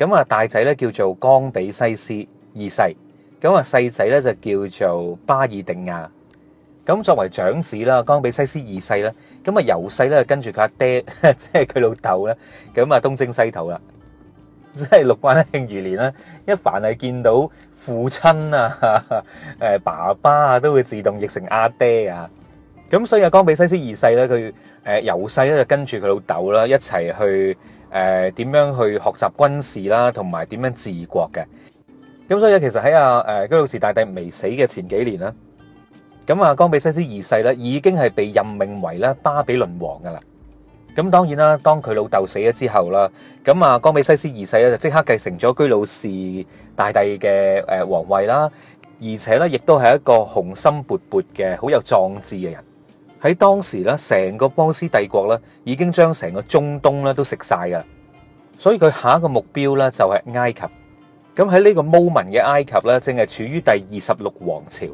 咁啊，大仔咧叫做岡比西斯二世，咁啊細仔咧就叫做巴爾定亞。咁作為長子啦，岡比西斯二世咧，咁啊由細咧跟住佢阿爹，即係佢老豆咧，咁啊東征西討啦，即係六關慶餘年啦。一凡係見到父親啊、誒爸爸啊，都會自動譯成阿爹啊。咁所以啊，岡比西斯二世咧，佢誒由細咧就跟住佢老豆啦一齊去。誒，點樣去學習軍事啦，同埋點樣治國嘅？咁所以其實喺阿誒居魯士大帝未死嘅前幾年啦，咁啊，岡比西斯二世咧已經係被任命為咧巴比倫王噶啦。咁當然啦，當佢老豆死咗之後啦，咁啊，岡比西斯二世咧就即刻繼承咗居魯士大帝嘅誒皇位啦，而且咧亦都係一個雄心勃勃嘅、好有壯志嘅人。喺當時咧，成個波斯帝國咧已經將成個中東咧都食晒噶，所以佢下一個目標咧就係埃及。咁喺呢個 moment 嘅埃及咧，正係處於第二十六王朝。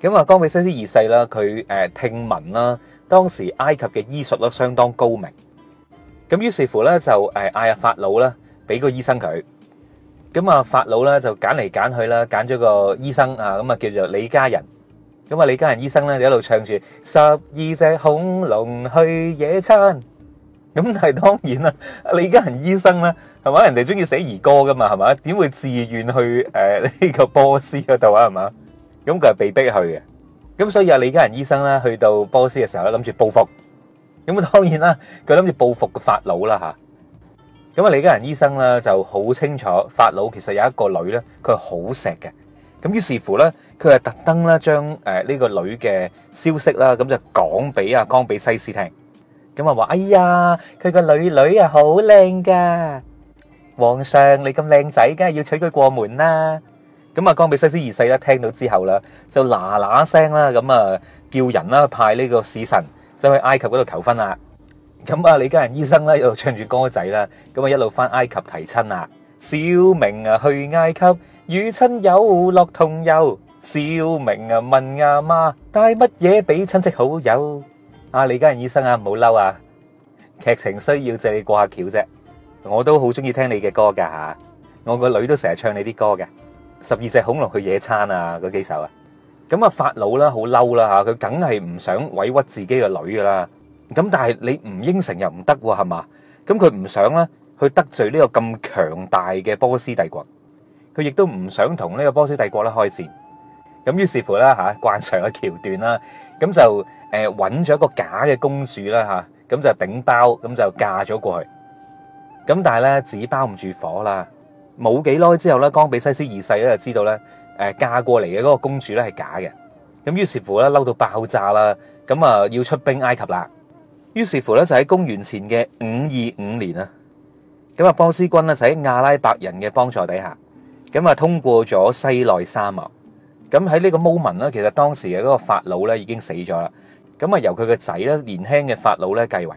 咁啊，岡比西斯二世啦，佢誒聽聞啦，當時埃及嘅醫術都相當高明。咁於是乎咧，就誒嗌阿法老啦，俾個醫生佢。咁啊，法老咧就揀嚟揀去啦，揀咗個醫生啊，咁啊叫做李家仁。咁啊，李家仁醫生咧就一路唱住十二隻恐龍去野餐。咁但係當然啦，李家仁醫生呢，係咪人哋中意寫兒歌噶嘛，係咪？點會自願去誒呢、呃這個波斯嗰度啊？係咪？咁佢係被逼去嘅。咁所以啊，李家仁醫生咧去到波斯嘅時候咧，諗住報復。咁啊，當然啦，佢諗住報復個法老啦吓。咁啊，李家仁醫生呢就好清楚，法老其實有一個女咧，佢好錫嘅。咁於是乎咧，佢係特登咧將誒呢個女嘅消息啦，咁就講俾阿岡比西斯聽。咁啊話，哎呀，佢個女女啊好靚噶，皇上你咁靚仔，梗係要娶佢過門啦。咁啊，岡比西斯二世咧聽到之後咧，就嗱嗱聲啦，咁啊叫人啦，派呢個使臣走去埃及嗰度求婚啦。咁啊，李家仁醫生咧又唱住歌仔啦，咁啊一路翻埃及提親啊。小明啊去埃及與親友樂同遊。小明啊問阿媽帶乜嘢俾親戚好友？啊，李家仁醫生啊，唔好嬲啊！劇情需要借你過下橋啫。我都好中意聽你嘅歌噶吓，我個女都成日唱你啲歌嘅。十二隻恐龍去野餐啊，嗰幾首啊。咁啊，法老啦，好嬲啦吓，佢梗係唔想委屈自己個女噶啦。咁但係你唔應承又唔得係嘛？咁佢唔想啦。佢得罪呢個咁強大嘅波斯帝國，佢亦都唔想同呢個波斯帝國咧開戰。咁於是乎咧吓，慣上嘅橋段啦，咁就誒揾咗一個假嘅公主啦吓，咁就頂包，咁就嫁咗過去。咁但係咧，紙包唔住火啦，冇幾耐之後咧，岡比西斯二世咧就知道咧，誒嫁過嚟嘅嗰個公主咧係假嘅。咁於是乎咧，嬲到爆炸啦，咁啊要出兵埃及啦。於是乎咧，就喺公元前嘅五二五年啊。咁啊，波斯軍咧就喺亞拉伯人嘅幫助底下，咁啊通過咗西奈沙漠。咁喺呢個 moment 咧，其實當時嘅嗰個法老咧已經死咗啦。咁啊，由佢個仔咧年輕嘅法老咧繼位。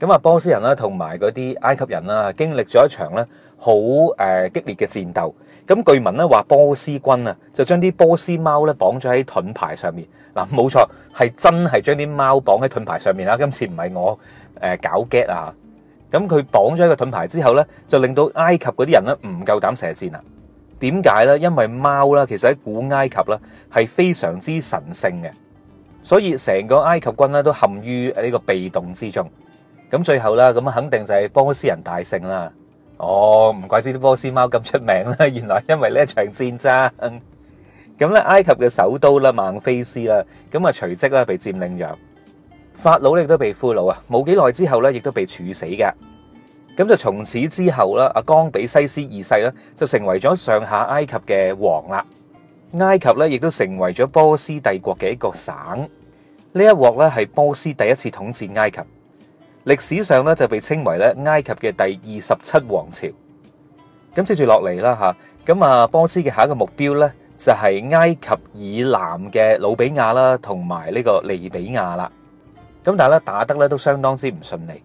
咁啊，波斯人啦同埋嗰啲埃及人啦，經歷咗一場咧好誒激烈嘅戰鬥。咁據聞咧話波斯軍啊，就將啲波斯貓咧綁咗喺盾牌上面。嗱，冇錯，係真係將啲貓綁喺盾牌上面啦。今次唔係我誒搞 get 啊！咁佢綁咗一個盾牌之後咧，就令到埃及嗰啲人咧唔夠膽射箭啊！點解咧？因為貓啦，其實喺古埃及咧係非常之神聖嘅，所以成個埃及軍咧都陷於呢個被動之中。咁最後咧，咁肯定就係波斯人大勝啦。哦，唔怪之啲波斯貓咁出名啦，原來因為呢場戰爭。咁咧，埃及嘅首都啦孟菲斯啦，咁啊隨即啦被佔領咗，法老咧亦都被俘虜啊，冇幾耐之後咧亦都被處死嘅。咁就從此之後啦，阿岡比西斯二世咧就成為咗上下埃及嘅王啦。埃及咧亦都成為咗波斯帝國嘅一個省。呢一鑊咧係波斯第一次統治埃及，歷史上咧就被稱為咧埃及嘅第二十七王朝。咁接住落嚟啦嚇，咁啊波斯嘅下一個目標咧就係埃及以南嘅努比亞啦，同埋呢個利比亞啦。咁但係咧打得咧都相當之唔順利。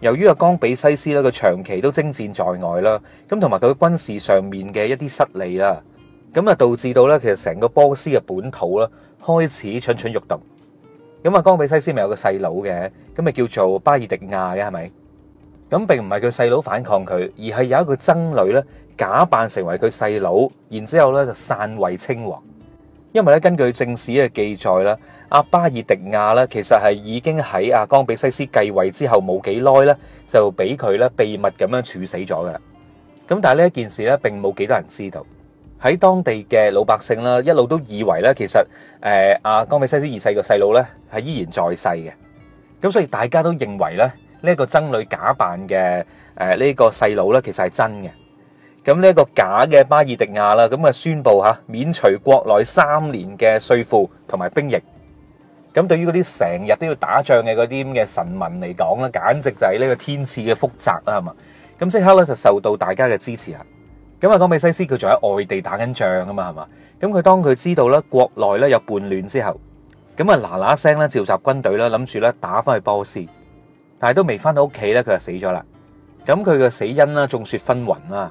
由於阿岡比西斯咧，佢長期都征戰在外啦，咁同埋佢軍事上面嘅一啲失利啦，咁啊導致到咧，其實成個波斯嘅本土啦開始蠢蠢欲動。咁啊，岡比西斯咪有個細佬嘅，咁咪叫做巴爾迪亞嘅，係咪？咁並唔係佢細佬反抗佢，而係有一個僧侶咧假扮成為佢細佬，然之後咧就篡位稱王。因為咧，根據正史嘅記載啦，阿巴爾迪亞咧，其實係已經喺阿岡比西斯繼位之後冇幾耐咧，就俾佢咧秘密咁樣處死咗嘅。咁但係呢一件事咧，並冇幾多人知道。喺當地嘅老百姓啦，一路都以為咧，其實誒阿岡比西斯二世嘅細佬咧，係依然在世嘅。咁所以大家都認為咧，呢一個僧侶假扮嘅誒呢個細佬咧，其實係真嘅。咁呢個假嘅巴爾迪亞啦，咁啊宣布吓免除國內三年嘅稅負同埋兵役。咁對於嗰啲成日都要打仗嘅嗰啲咁嘅臣民嚟講咧，簡直就係呢個天賜嘅福澤啦，係嘛。咁即刻咧就受到大家嘅支持啦。咁啊，岡比西斯佢仲喺外地打緊仗啊嘛，係嘛。咁佢當佢知道咧國內咧有叛亂之後，咁啊嗱嗱聲咧召集軍隊啦，諗住咧打翻去波斯，但係都未翻到屋企咧，佢就死咗啦。咁佢嘅死因啦，眾說紛紜啦。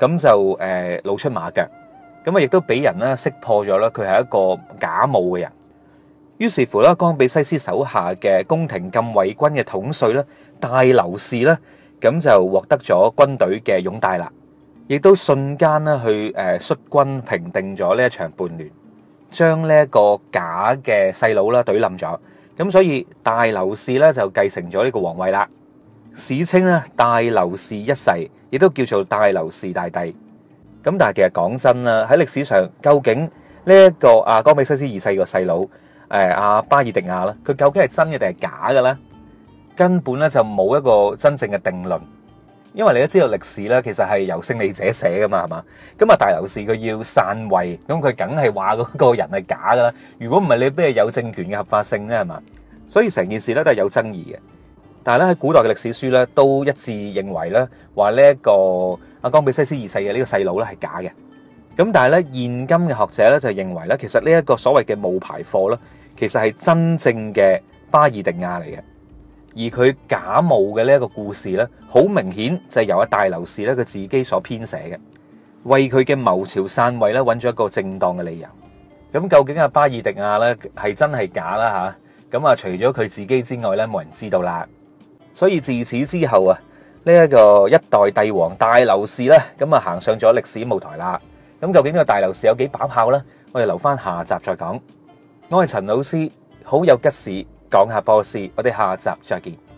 咁就誒露出馬腳，咁啊亦都俾人咧識破咗啦，佢係一個假冒嘅人。於是乎咧，岡比西斯手下嘅宮廷禁衛軍嘅統帥咧，大流士咧，咁就獲得咗軍隊嘅擁戴啦，亦都瞬間咧去誒率軍平定咗呢一場叛亂，將呢一個假嘅細佬啦對冧咗。咁所以大流士咧就繼承咗呢個王位啦，史稱咧大流士一世。亦都叫做大流士大帝，咁但係其實講真啦，喺歷史上究竟呢一個啊，岡比西斯二世個細佬誒，阿巴爾迪亞啦，佢究竟係真嘅定係假嘅咧？根本咧就冇一個真正嘅定論，因為你都知道歷史咧，其實係由勝利者寫噶嘛，係嘛？咁啊大流士佢要篡位，咁佢梗係話嗰個人係假噶啦。如果唔係你咩有政權嘅合法性咧，係嘛？所以成件事咧都係有爭議嘅。但係咧喺古代嘅歷史書咧都一致認為咧話呢一個阿江比西斯二世嘅呢個細佬咧係假嘅。咁但係咧現今嘅學者咧就認為咧其實呢一個所謂嘅冒牌貨咧其實係真正嘅巴爾迪亞嚟嘅。而佢假冒嘅呢一個故事咧好明顯就係由阿大流士咧佢自己所編寫嘅，為佢嘅謀朝篡位咧揾咗一個正當嘅理由。咁究竟阿巴爾迪亞咧係真係假啦吓？咁啊除咗佢自己之外咧冇人知道啦。所以自此之後啊，呢、這、一個一代帝王大流士咁啊行上咗歷史舞台啦。咁究竟呢個大流士有幾把炮呢？我哋留翻下集再講。我係陳老師，好有吉事講下波斯，我哋下集再見。